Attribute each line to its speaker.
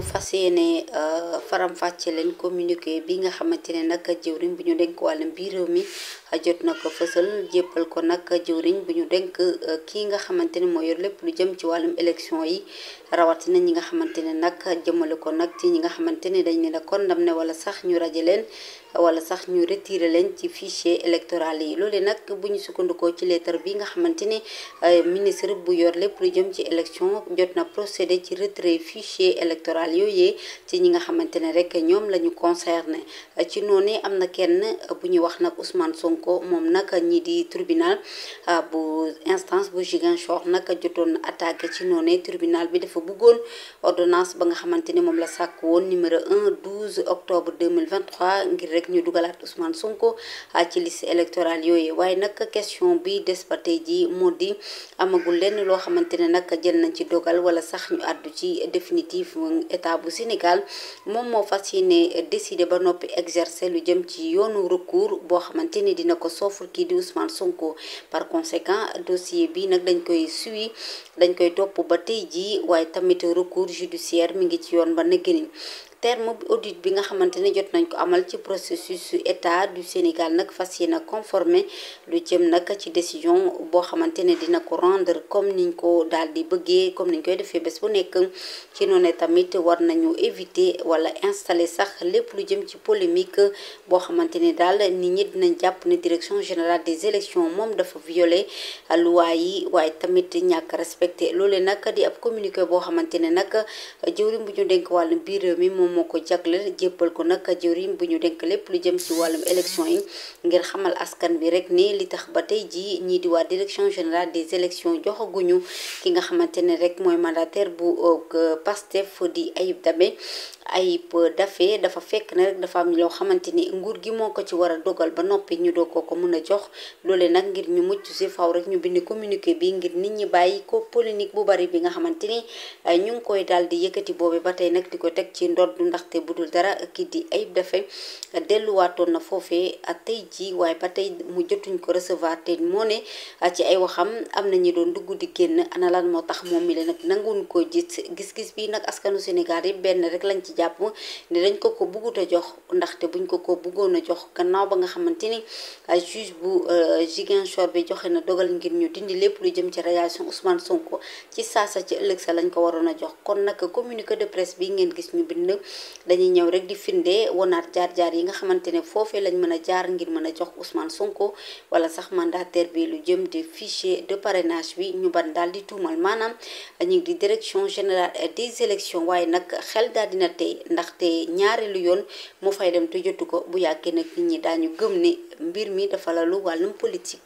Speaker 1: ñu ne yéene euh, faram-fàcce leen communiqué bi nga xamante ne nag jëwriñ bu ñu dénk wàllum biir réew mi euh, jot na ko fësal jéppal ko nag jëwriñ bu ñu dénk euh, kii nga xamante ne moo yor lépp lu jëm ci wàllum élection yi rawatina ñi nga xamante ne nag jëmale ko nag ci ñi nga xamante ne dañ ne la condamné wala sax ñu raje leen wala sax ñu retiré leen ci fichier électoral yi loole nag bu ñu sukkandikoo ci lettre bi nga xamante ne ministre bu yor lépp lu jëm ci élection jot na procédé ci retrait fichier électoral sociale yooyee ci ñi nga xamante ne rek ñoom la ñu concerné ci noonu am na kenn bu ñu wax nag Ousmane Sonko moom nag ñi di tribunal ah, bu instance bu Ziguinchor nag jotoon na attaque ci noonu tribunal bi dafa bëggoon ordonnance ba nga xamante ni moom la sàkk woon numéro 1 12 octobre 2023 ngir rek ñu dugalaat Ousmane Sonko ah, ci liste électorale yooyu waaye nag question bi des ba tey ji moo di amagul lenn loo xamante ne nag jël nañ ci dogal wala sax ñu àddu ci définitive état bu Sénégal moom moo fas ne décider ba noppi exercer lu jëm ci yoonu recours boo xamante ni dina ko soofur kii di Ousmane Sonko par conséquent dossier bi nag dañ koy suivi dañ koy topp ba tey jii waaye tamit recours judiciaire mi ngi ci yoon ba nëgëriñ terme audit bi nga xamante ne jot nañ ko amal ci processus état du Sénégal nag fas nag conformé lu jëm nag ci décision boo xamante ne dina ko rendre comme niñ ko daal di bëggee comme ni niñ koy defee bés bu nekk ci noonu tamit war nañu éviter wala installer sax lépp lu jëm ci polémique boo xamante ne daal nit ñi dinañ jàpp ne direction générale des élections moom dafa violer loi yi waaye tamit ñàkk respecté loole nag di ab communiqué boo xamante ne nag jëwriñ bu ñu dénk wàllu biir mi moom moom moo ko jagleel jébbal ko nag jëwriñ bu ñu dénk lépp lu jëm ci wàllum élection yi ngir xamal askan bi rek ne li tax ba tey jii ñii di waa direction générale des élections joxaguñu ki nga xamante ne rek mooy mandataire bu euh, Pastef di Ayib Dabe Ayib Dafe dafa fekk na rek dafa am loo xamante ni nguur gi moo ko ci war a dogal ba noppi ñu doo ko ko mën a jox loole nag ngir ñu mucc ci faw rek ñu bind communiqué bi ngir nit ñi bàyyi ko polémique bu bari bi nga kaddu ndaxte bu dul dara ak kii di ay defe delluwaatoon na foofee tey jii waaye ba tey mu jotuñ ko recevoir te moo ne ah, ci ay waxam am na ñu doon dugg di génn ana lan moo tax moom mi la nag nanguwuñ ko gis gis-gis bi nag askanu Sénégal yi benn rek lañ ci jàpp ne dañ ko ko bëggut jox ndaxte buñ ko ko buggoon a jox gannaaw ba nga xamante ni ah, juge bu euh, Ziguinchor bi joxe na dogal ngir ñu dindi lépp lu jëm ci radiation Ousmane Sonko ci saa ci ëllëg sa lañ ko waroon a jox kon nag communiqué de presse bi ngeen gis ñu bind dañuy ñëw rek di firnde wonaat jaar-jaar yi nga xamante ne foofee lañ mën a jaar ngir mën a jox Ousmane Sonko wala sax mandataire bi lu jëm de fichier de parenage bi ñu ban daal di tuumal maanaam ñu ngi di direction générale des élections waaye nag xel daal dina tey ndaxte ñaareelu yoon moo fay dem te ko bu yàggee nag nit ñi daañu gëm ne mbir mi dafa lalu wàllum politik